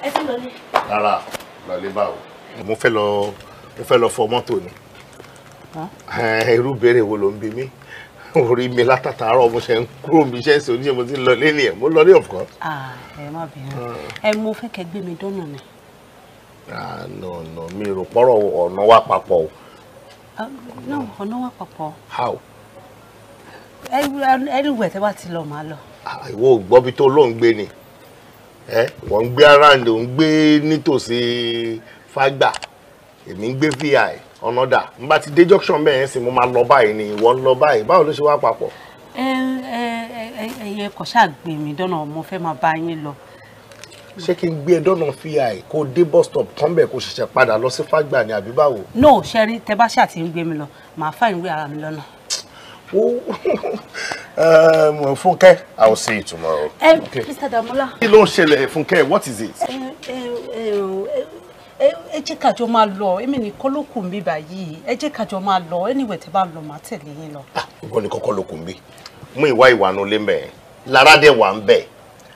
ẹ tún lọ lé. rárá lọlé báwo mo fẹ́ lọ mo fẹ́ lọ fọ mọ́tò ni irú béèrè wo ló ń bi mí orí mi látàtàárọ̀ mo ṣe ń kúrò mi ṣe ń ṣe oníṣẹ́ mo ti lọ lé nìyẹn mo lọ lé of course. ẹ má bínú ẹ mo fẹ́ kẹ́ gbé mi dọ́nà ni. no no mi rò pọ́rọ̀ ọ̀nà wa papọ̀ o. no ọ̀nà wa papọ̀. how. ẹ ẹ ẹ lùwẹ̀ tẹ́ bá ti lọ màá lọ. ìwọ ò gbọ́ bí tó lóun gbé ni ẹ wọ́n ń gbé around ò ń gbé nítòsí fágbà èmi ń gbé vi ọ̀nàdà n bá ti dé junction bẹ́ẹ̀ yẹn sì mo máa lọ báyìí ni ìwọ ń lọ báyìí báwo ló ṣe wá papọ̀. ẹ ẹ ẹ ẹyẹ kò ṣáà gbé mi dọ́nà mo fẹ́ máa bá yín lọ. ṣé kí n gbé ẹ dọ́nà fi àì kó o dé bus stop kan bẹ́ẹ̀ kó o ṣẹ̀ṣẹ̀ padà lọ sí fágbà ni àbí báwo. no ṣẹ́rí tẹ bá ṣáà ti ń gbé mi lọ màá fà ìwé ara mi lọ́nà wo um, Fúnkẹ́ I will see you tomorrow. Um, okay. Mr. Damola. Hello, ló ń what is it. Eh, eh, ẹ jẹ́ kájọ máa lọ èmi nìkan ló kù mí báyìí ẹ jẹ́ kájọ máa lọ anywhere tẹ́ bá lọ màá tẹ̀lé yín lọ. Ah, ìwọ nìkan kọ́ ló kù mí mú ìwà ìwànú lé mẹ́ẹ̀ lára dẹ̀ wà ń bẹ̀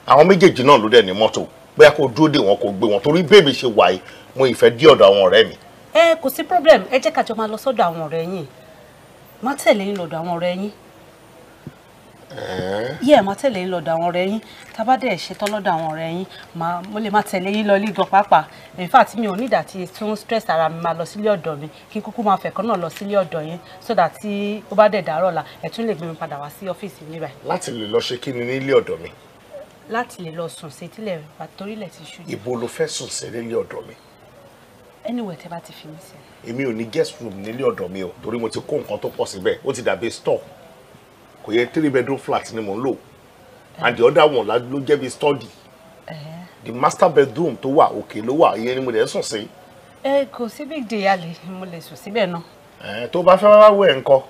àwọn méjèèjì náà ló dẹ̀ ní mọ́tò bóyá kó dúró dè wọ́n kó gbé wọn torí bèbè ṣe wà mo ìfẹ́ dí ọ̀dọ̀ àwọn ọ̀rẹ́ mi. ẹ kò sí problem ẹ jẹ́ kájọ máa lọ sọ́dọ̀ àwọn ọ̀rẹ́ yín má tẹ̀lé yín lọ́dọ̀ àwọn ọ̀rẹ́ yín yẹ má tẹ̀lé yín lọ́dọ̀ àwọn ọ̀rẹ́ yín tá bá dẹ̀ ṣetán lọ́dọ̀ àwọn ọ̀rẹ́ yín mo lè má tẹ̀lé yín lọ ilé gan pàápàá in fact mi ò ní ìdá tí tún stress ara mi máa lọ sílé ọ̀dọ̀ mi kí kúkú máa fẹ̀kọ́ náà lọ sílé ọ̀dọ̀ yín so that tí ó bá dẹ̀ dàárọ̀ la ẹ̀ tún lè gbé mi padà wá sí ọ́fíìsì mi báyìí. láti lè lọ ṣe kí ni nílé ọ̀dọ̀ mi. láti lè lọ sùn sí tílẹ̀ torílẹ̀ ti ṣú. ibo lo fẹ́ sùn sí nílé ọ̀dọ̀ mi anywhere tẹ́ bá ti fi mí sí. èmi ò ní guest room nílé ọ̀dọ̀ mi o torí mo ti kó nǹkan tó pọ̀ síbẹ̀ ó ti dàbí store kò yẹ three bedroom flat ni mo ń lò and the other one ló jẹ́ bí study eh. the master bedroom tó wà òkè ló wà ìyẹn ni mo lè sùn sí. ẹ eh, kò sí big day alẹ mo lè sùn síbẹ̀ náà. ẹ eh, tó bá fẹ́ wá wẹ̀ ńkọ́.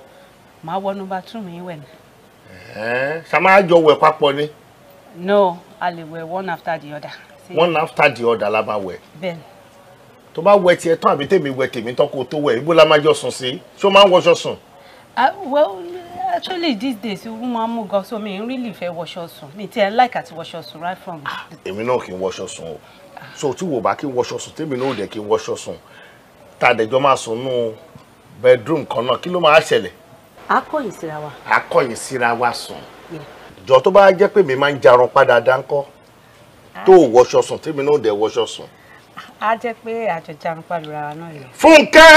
màá wọnú bathroom yín wẹ̀ ni. ẹ ṣàmáà jọ wẹ̀ papọ̀ ni. no a lè wẹ̀ one after the other. one after the other la máa wẹ̀. bẹ́ẹ̀ni tó bá wẹ tiẹ̀ tán àbí tèmi wẹ tèmi tán kó tó wẹ ibo la máa jọ sí ṣé o máa ń wọṣọ sùn. Ah, well actually these days irú máa ń mú gan so mi n really fẹ́ wọṣọ sùn mi tiẹ̀ like àti wọṣọ sùn right from. Ah, èmi náà kì í wọṣọ sùn o ah. so tí wò bá kí n wọṣọ sùn tèmi náà ò dẹ̀ kí n wọṣọ sùn tá a dẹ̀ jọ máa sùn nù bedroom kan náà kí ló máa ṣẹlẹ̀. akọ̀yìn síra wa. akọ̀yìn síra wa sùn. jọ tó bá jẹ́ pé mi máa ń jarun padà dáńkọ́ tó wọṣọ sùn tèmi náà ò dẹ̀ wọṣọ sùn a jẹ́ pé àjọjà ń pàlùra wa náà yẹn. fúnkẹ́.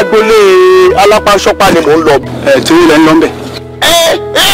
agboolé alápáṣọpá ni mò ń lọ. ẹ tí ó lẹ ń lọ bẹ. ẹ ẹ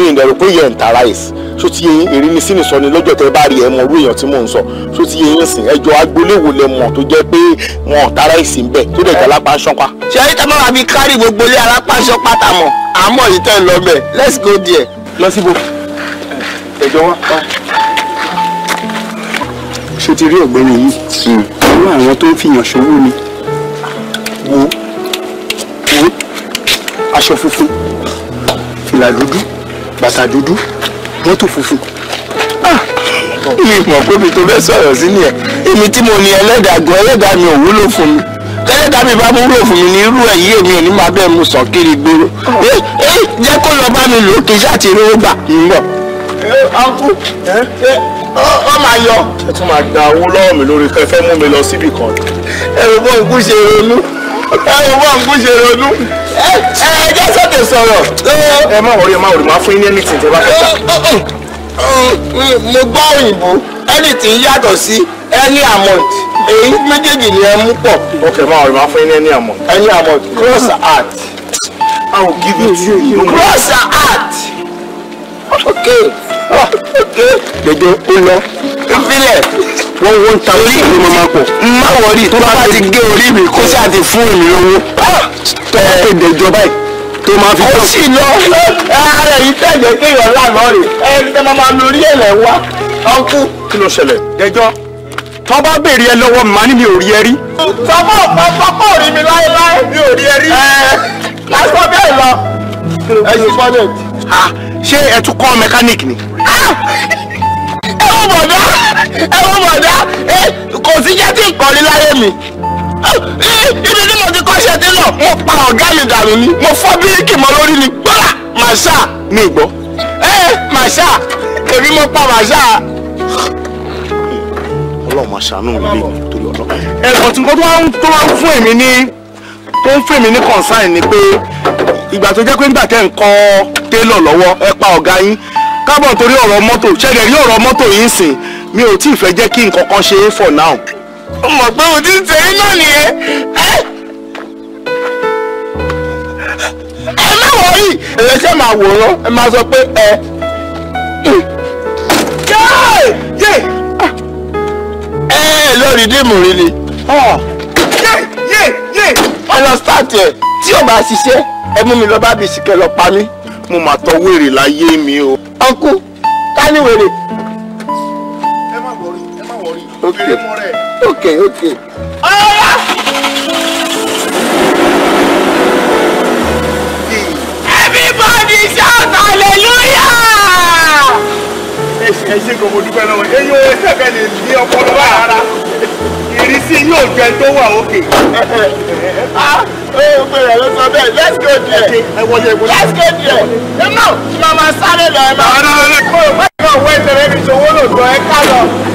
mi ìdẹ̀rù pé yẹn ń ta rice ṣó ti yẹ èrè ní sínú sọ ni lọ́jọ́ tẹ bá rí ẹ mọ orú èèyàn tí mò ń sọ ṣó ti yẹ yín sìn ẹjọ́ agboléwo lẹ mọ̀ tó jẹ́ pé wọn ò ta rice ń tó dẹ̀ jẹ́ alápá ṣánpá. ṣé ayé tá a kárì gbogbo ilé alápá ṣánpá tà mọ̀ àmọ́ yìí tẹ́ ń lọ bẹ̀ let's go there. lọ síbo ẹjọ́ wa ṣó ti rí ọ̀gbẹ́ni yìí hmm. irú àwọn tó ń fìyàn ṣòwò ni wo wo aṣọ funfun fìlà dúdú bàtà dúdú mọ́tò funfun ìmọ̀ ah, pé mi tó fẹ́ sọ̀rọ̀ sí ni ẹ̀ èmi tí mo ní ẹlẹ́dàá gan ẹlẹ́dàá mi ò wúlò fún mi ẹlẹ́dàá mi bá mú wúlò fún mi ní irú ẹ̀ yìí èmi ò ní máa bẹ́ẹ̀ mu sàn kiri gbòòrò ẹ oh. ẹ eh, eh, jẹ́ kó lọ bá mi lò ó kí n ṣáàtì rówó gbà ń bọ̀. Eh, ọkú ọ máa yọ. ẹ tún máa gba owó lọ́wọ́ mi lórí fẹ́fẹ́ mú mi lọ síbì kan. ẹ wò bọ́ǹkú ṣe ronú ẹ wò bọ́ǹkú ṣe ronú ẹ jẹ́ sókè sọ̀rọ̀. ẹ má wọrí ẹ má wọrí máa fún yín ní anything tẹ bá fẹ́ ta. mo gbọ́ òyìnbó anything yàtọ̀ sí any amount èyí méjèèjì ni ẹ mú pọ̀. ok má wọrí máa fún yín ní any amount. any amount cross her heart. I will give it to you. cross her heart. ok ah, ok dèdè ó lọ nfilẹ̀ wọ́n wọ́n ta orí mi mo máa pọ̀. má wọrí tó bá ti gé orí mi kó ṣáà ti fún mi lówó. tó bá pè dẹjọ báyìí tó máa fi tọ́. ó sì lọ ara yìí tẹ̀lé kéèyàn lánàá rè ẹni tẹ́ máa máa lórí ẹ̀lẹ̀ wá. ọkú kí ló ṣẹlẹ̀ dẹjọ́ tó bá béèrè ẹ lọ́wọ́ mi máa ní mi ò rí ẹ rí. sọ́kọ̀ pápákọ̀ rí mi láéláé mi ò rí ẹ rí. lásán bẹ́ẹ̀ lọ. ẹ ṣe fọ́nẹ̀tì. ṣé ẹ tún kọ́ mẹkáníìkì ni. Ah! ẹ ò mọ̀ náà ẹ wọ́n mọ̀dá kò sí jẹ́ tí ìkọ̀rí láyé mi ibi tí mo ti kọ́ṣẹ́ tí lọ mo pa ọ̀gá mi dànù ni mo fọ́ bíríkì mọ́ lórí ni gbọ́dà màṣá mi gbọ́ ẹ màṣá èmi mo pa màṣá. ọlọ́run máa ṣàánú mi lé mi torí ọlọ́run. ẹ̀kọ́ tí nǹkan tó máa ń fún èmi ní tó ń fún èmi ní concern ni pé ìgbà tó jẹ́ pé nígbà tẹ́ ń kọ́ télọ̀ lọ́wọ́ ẹ pa ọ̀gá yín kábọ̀ torí ọ̀rọ̀ mọ́tò ṣẹlẹ̀ rí ọ̀rọ̀ mọ́tò yìí sìn mi ò tí ì fẹ́ jẹ́ kí nǹkan kan ṣe é for now. ó mọ̀ pé o ti ń tẹ̀lé náà nìyẹn. ẹ má wọrí èyí ṣe máa wòrán ẹ máa sọ pé ẹ. ẹ lórí díìmù rí ni. Ah! ẹ lọ start ẹ tí o bá ṣiṣẹ́ ẹ mú mi lọ bá bisikẹ́ lọ pa mí mo mà tọ́ wèrè láyé mi o. ọkú ká ní wèrè okay okay okay. everybody shout hallelujah. ẹ ṣe kò mo dúpẹ́ lọ́wọ́ eyín oye sẹ́kẹ̀ lè ní ọpọlọ báyìí rárá ìrísí yóò jẹ tó wà òkè. ó bẹ̀rẹ̀ ló sọ bẹ́ẹ̀ let's go there let's go there ẹ náà kí wọ́n máa sáré lọ ẹ máa. ọ̀rọ̀ rẹ̀ kó o má kàn wẹ́ tẹ̀lé mi ṣòwò lòdùn ẹ ká lọ.